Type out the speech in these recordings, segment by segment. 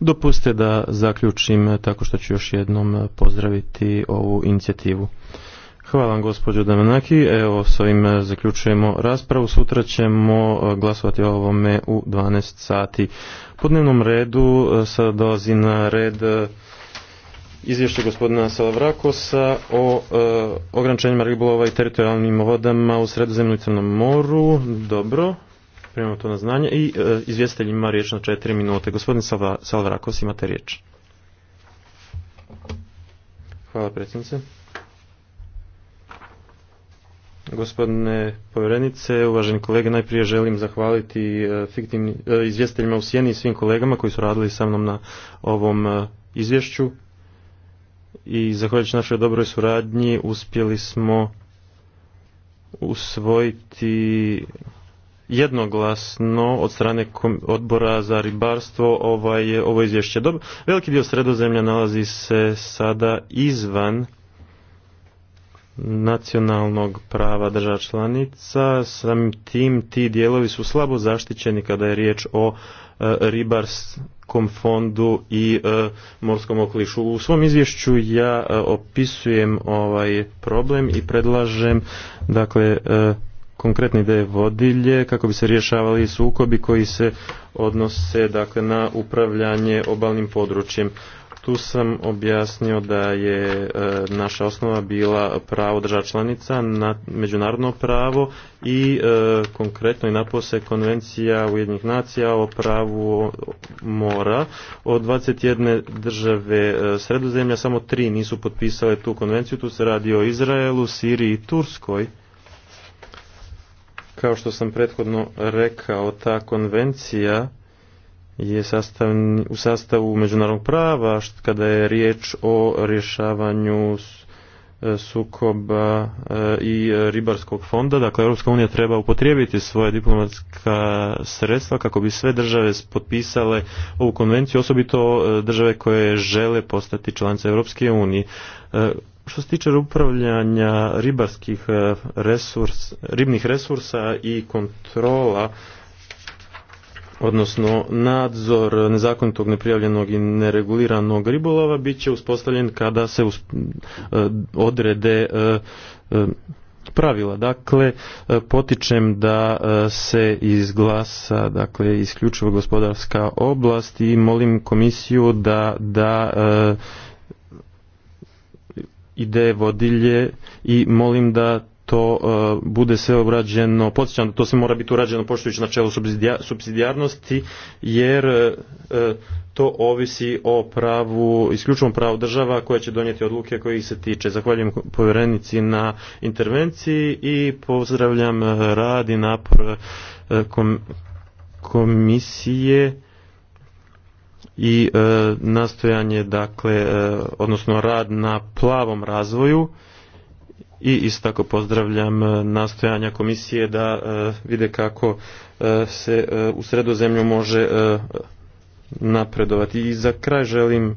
Dopuste da zaključim e, tako što ću još jednom e, pozdraviti ovu inicijativu. Hvala vam gospođo Damanaki. Evo s ovim e, zaključujemo raspravu. Sutra ćemo glasovati o ovome u 12 sati. Po dnevnom redu sada dolazi na red izvješće gospodina Salavrakosa o ograničenjima ribolova i teritorijalnim vodama u Sredozemnom i Crnom moru. Dobro primamo to na znanje i e, izvjestitelj ima riječ na četiri minute. Gospodin Salva, Salvarakos, imate riječ. Hvala predsjednice. Gospodine povjerenice, uvaženi kolege, najprije želim zahvaliti e, fiktivni, e, izvjestiteljima u Sjeni i svim kolegama koji su radili sa mnom na ovom e, izvješću. I zahvaljujući našoj dobroj suradnji uspjeli smo usvojiti jednoglasno od strane odbora za ribarstvo ovaj, ovo izvješće. Dob, veliki dio sredozemlja nalazi se sada izvan nacionalnog prava država članica, samim tim ti dijelovi su slabo zaštićeni kada je riječ o e, ribarskom fondu i e, morskom okolišu. U svom izvješću ja e, opisujem ovaj problem i predlažem dakle konkretne ideje vodilje kako bi se rješavali sukobi koji se odnose dakle, na upravljanje obalnim područjem. Tu sam objasnio da je e, naša osnova bila pravo država članica, na, međunarodno pravo i e, konkretno i napose konvencija Ujedinjenih nacija o pravu mora. Od 21 države e, sredozemlja samo tri nisu potpisale tu konvenciju. Tu se radi o Izraelu, Siriji i Turskoj. Kao što sam prethodno rekao, ta konvencija je u sastavu međunarodnog prava kada je riječ o rješavanju e, sukoba e, i ribarskog fonda. Dakle, Europska unija treba upotrijebiti svoje diplomatska sredstva kako bi sve države potpisale ovu konvenciju, osobito e, države koje žele postati članice Europske unije. Što se tiče upravljanja ribarskih eh, resurs, ribnih resursa i kontrola, odnosno nadzor nezakonitog, neprijavljenog i nereguliranog ribolova bit će uspostavljen kada se eh, odrede eh, pravila. Dakle, potičem da se izglasa, dakle, isključivo gospodarska oblast i molim komisiju da, da ideje vodilje i molim da to uh, bude sve obrađeno, podsjećam da to sve mora biti urađeno poštujući načelo subsidijarnosti jer uh, to ovisi o pravu, isključivom pravu država koja će donijeti odluke kojih se tiče. Zahvaljujem povjerenici na intervenciji i pozdravljam rad i napor uh, komisije i e, nastojanje, dakle, e, odnosno rad na plavom razvoju i isto tako pozdravljam e, nastojanja komisije da vide kako se u sredozemlju može napredovati. I za kraj želim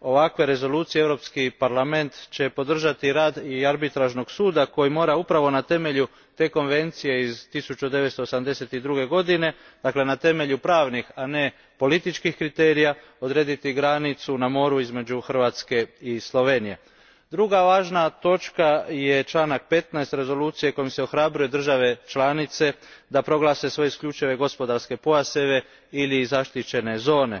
ovakve rezolucije europski parlament će podržati rad i arbitražnog suda koji mora upravo na temelju te konvencije iz one thousand nine hundred and eighty two godine dakle na temelju pravnih a ne političkih kriterija odrediti granicu na moru između hrvatske i slovenije. druga važna točka je članak fifteen rezolucije kojim se ohrabruje države članice da proglase svoje isključive gospodarske pojaseve ili zaštićene zone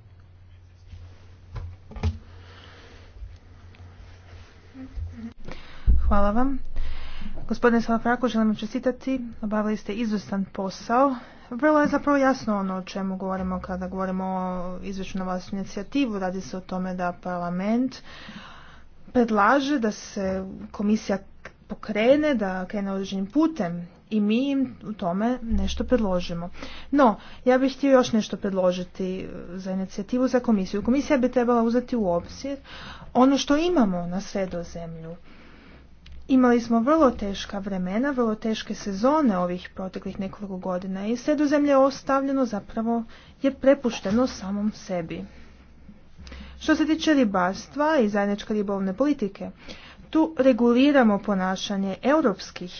Hvala vam. Gospodine Salafrako, želim vam čestitati. Obavili ste izvrstan posao. Vrlo je zapravo jasno ono o čemu govorimo kada govorimo o izvršnu na vlastnu inicijativu. Radi se o tome da parlament predlaže da se komisija pokrene, da krene određenim putem i mi im u tome nešto predložimo. No, ja bih htio još nešto predložiti za inicijativu za komisiju. Komisija bi trebala uzeti u obzir ono što imamo na sredozemlju. zemlju Imali smo vrlo teška vremena, vrlo teške sezone ovih proteklih nekoliko godina i sredozemlje ostavljeno zapravo je prepušteno samom sebi. Što se tiče ribarstva i zajedničke ribolovne politike, tu reguliramo ponašanje europskih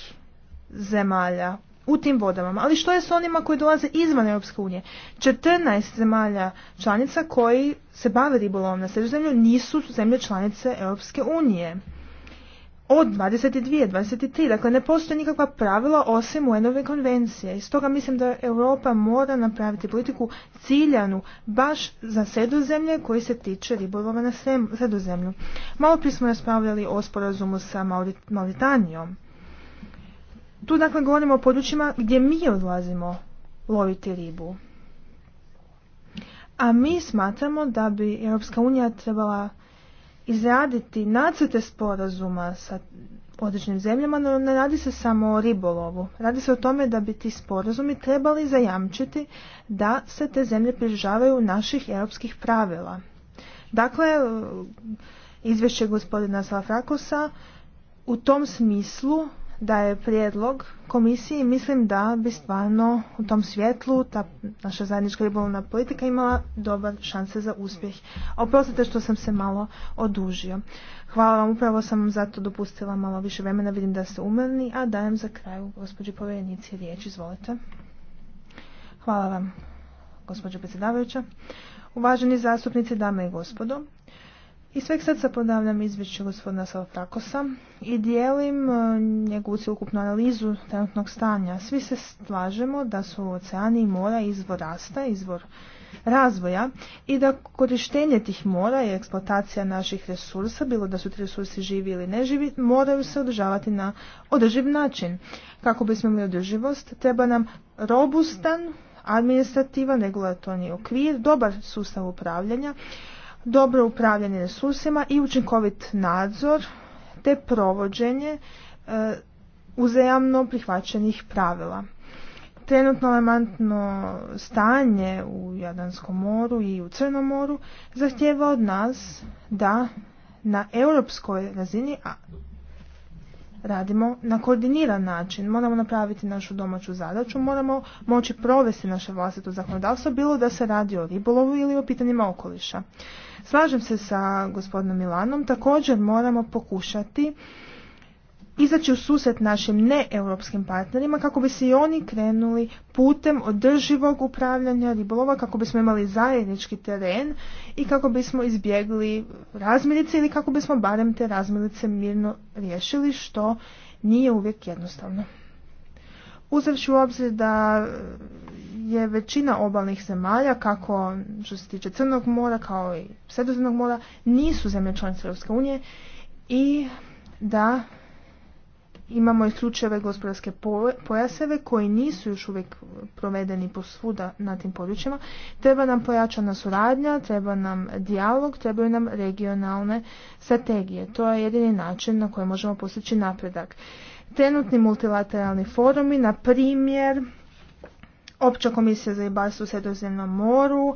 zemalja u tim vodama. Ali što je s onima koji dolaze izvan Europske unije? 14 zemalja članica koji se bave ribolovom na sredozemlju nisu zemlje članice Europske unije od 22, 23. Dakle, ne postoje nikakva pravila osim UN-ove konvencije. I stoga mislim da Europa mora napraviti politiku ciljanu baš za sredozemlje koji se tiče ribolova na sredozemlju. Malo prije smo raspravljali o sporazumu sa Mauritanijom. Tu dakle govorimo o područjima gdje mi odlazimo loviti ribu. A mi smatramo da bi Europska unija trebala izraditi nacrte sporazuma sa određenim zemljama, no ne radi se samo o ribolovu. Radi se o tome da bi ti sporazumi trebali zajamčiti da se te zemlje prižavaju naših europskih pravila. Dakle, izvješće gospodina Salafrakosa u tom smislu da je prijedlog komisiji, mislim da bi stvarno u tom svjetlu ta naša zajednička ribolovna politika imala dobar šanse za uspjeh. oprostite što sam se malo odužio. Hvala vam, upravo sam vam zato dopustila malo više vremena, vidim da ste umrni, a dajem za kraju gospođi povjerenici riječ, izvolite. Hvala vam, gospođo predsjedavajuća. Uvaženi zastupnici, dame i gospodo, i sveg srca ponavljam izvješće gospodina Salatakosa i dijelim e, njegovu cijelokupnu analizu trenutnog stanja. Svi se slažemo da su oceani i mora izvor rasta, izvor razvoja i da korištenje tih mora i eksploatacija naših resursa, bilo da su ti resursi živi ili neživi, moraju se održavati na održiv način. Kako bismo imali održivost, treba nam robustan, administrativan, regulatorni okvir, dobar sustav upravljanja, dobro upravljanje resursima i učinkovit nadzor te provođenje e, uzajamno prihvaćenih pravila. Trenutno alarmantno stanje u Jadranskom moru i u Crnom moru zahtjeva od nas da na europskoj razini radimo na koordiniran način. Moramo napraviti našu domaću zadaću, moramo moći provesti naše vlastito zakonodavstvo, bilo da se radi o ribolovu ili o pitanjima okoliša. Slažem se sa gospodinom Milanom, također moramo pokušati izaći u susret našim neeuropskim partnerima kako bi se i oni krenuli putem održivog upravljanja ribolova kako bismo imali zajednički teren i kako bismo izbjegli razmirice ili kako bismo barem te razmirice mirno riješili što nije uvijek jednostavno. Uzevši u obzir da je većina obalnih zemalja, kako što se tiče Crnog mora, kao i Sredozemnog mora, nisu zemlje članice Europske unije i da Imamo i slučajeve gospodarske pojaseve koji nisu još uvijek provedeni posvuda na tim područjima. Treba nam pojačana suradnja, treba nam dijalog, trebaju nam regionalne strategije. To je jedini način na koji možemo postići napredak. Trenutni multilateralni forumi, na primjer, Opća komisija za ribarstvo u Sredozemnom moru, e,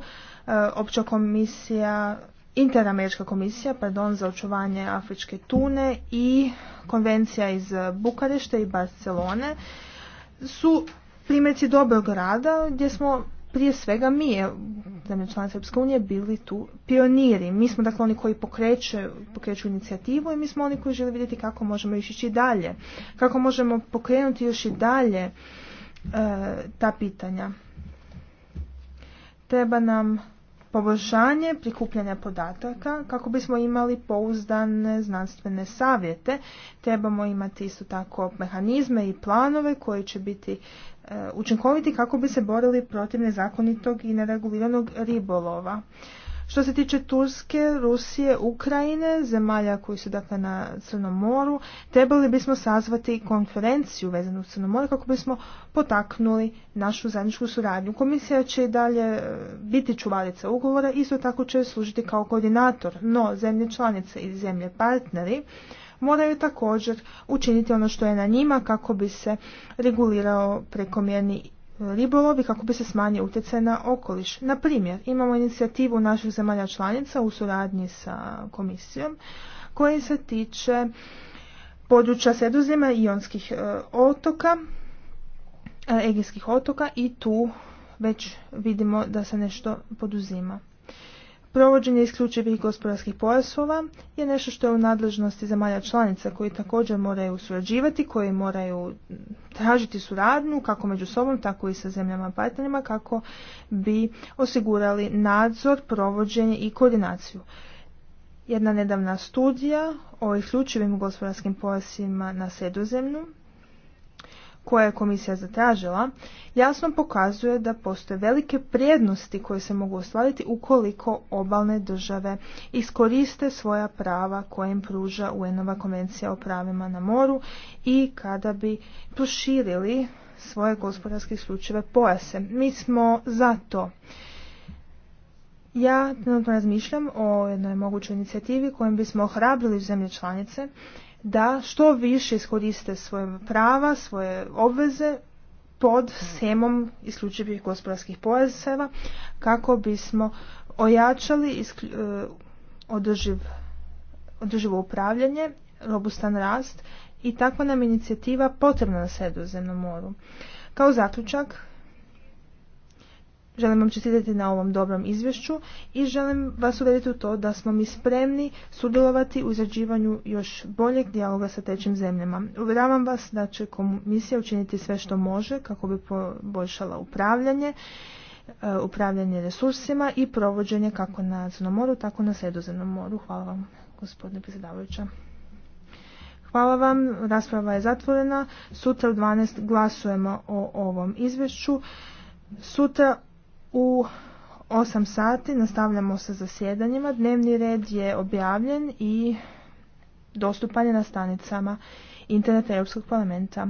Opća komisija Interamerička komisija pardon, za očuvanje afričke tune i konvencija iz Bukarešte i Barcelone su primjerci dobrog rada gdje smo prije svega mi, zemlje članice Srpske unije, bili tu pioniri. Mi smo dakle oni koji pokreću, pokreću inicijativu i mi smo oni koji žele vidjeti kako možemo ići dalje, kako možemo pokrenuti još i dalje e, ta pitanja. Treba nam poboljšanje prikupljanja podataka kako bismo imali pouzdane znanstvene savjete. Trebamo imati isto tako mehanizme i planove koji će biti e, učinkoviti kako bi se borili protiv nezakonitog i nereguliranog ribolova. Što se tiče Turske, Rusije, Ukrajine, zemalja koji su dakle na Crnom moru, trebali bismo sazvati konferenciju vezanu u Crnom moru kako bismo potaknuli našu zajedničku suradnju. Komisija će i dalje e, biti čuvarica ugovora, isto tako će služiti kao koordinator, no zemlje članice i zemlje partneri moraju također učiniti ono što je na njima kako bi se regulirao prekomjerni ribolovi kako bi se smanjio utjecaj na okoliš. Na primjer, imamo inicijativu naših zemalja članica u suradnji sa komisijom koje se tiče područja sredozima ionskih e, otoka, e, egijskih otoka i tu već vidimo da se nešto poduzima. Provođenje isključivih gospodarskih pojasova je nešto što je u nadležnosti zemalja članica koji također moraju surađivati, koji moraju tražiti suradnju kako među sobom, tako i sa zemljama partnerima kako bi osigurali nadzor, provođenje i koordinaciju. Jedna nedavna studija o isključivim gospodarskim pojasima na sredozemlju koje je komisija zatražila jasno pokazuje da postoje velike prednosti koje se mogu ostvariti ukoliko obalne države iskoriste svoja prava koja im pruža UN-ova konvencija o pravima na moru i kada bi proširili svoje gospodarske isključive pojase. Mi smo za to. Ja trenutno razmišljam o jednoj mogućoj inicijativi kojom bismo ohrabrili zemlje članice da što više iskoriste svoje prava, svoje obveze pod semom isključivih gospodarskih pojaseva kako bismo ojačali e, održiv, održivo upravljanje, robustan rast i takva nam inicijativa potrebna na Sredozemnom moru. Kao zaključak Želim vam čestitati na ovom dobrom izvješću i želim vas uvediti u to da smo mi spremni sudjelovati u izrađivanju još boljeg dijaloga sa trećim zemljama. Uvjeravam vas da će komisija učiniti sve što može kako bi poboljšala upravljanje, e, upravljanje resursima i provođenje kako na Crnom moru, tako na Sredozemnom moru. Hvala vam, gospodine predsjedavajuća. Hvala vam, rasprava je zatvorena. Sutra u 12 glasujemo o ovom izvješću. Sutra u 8 sati nastavljamo sa zasjedanjima. Dnevni red je objavljen i dostupan je na stanicama interneta Europskog parlamenta.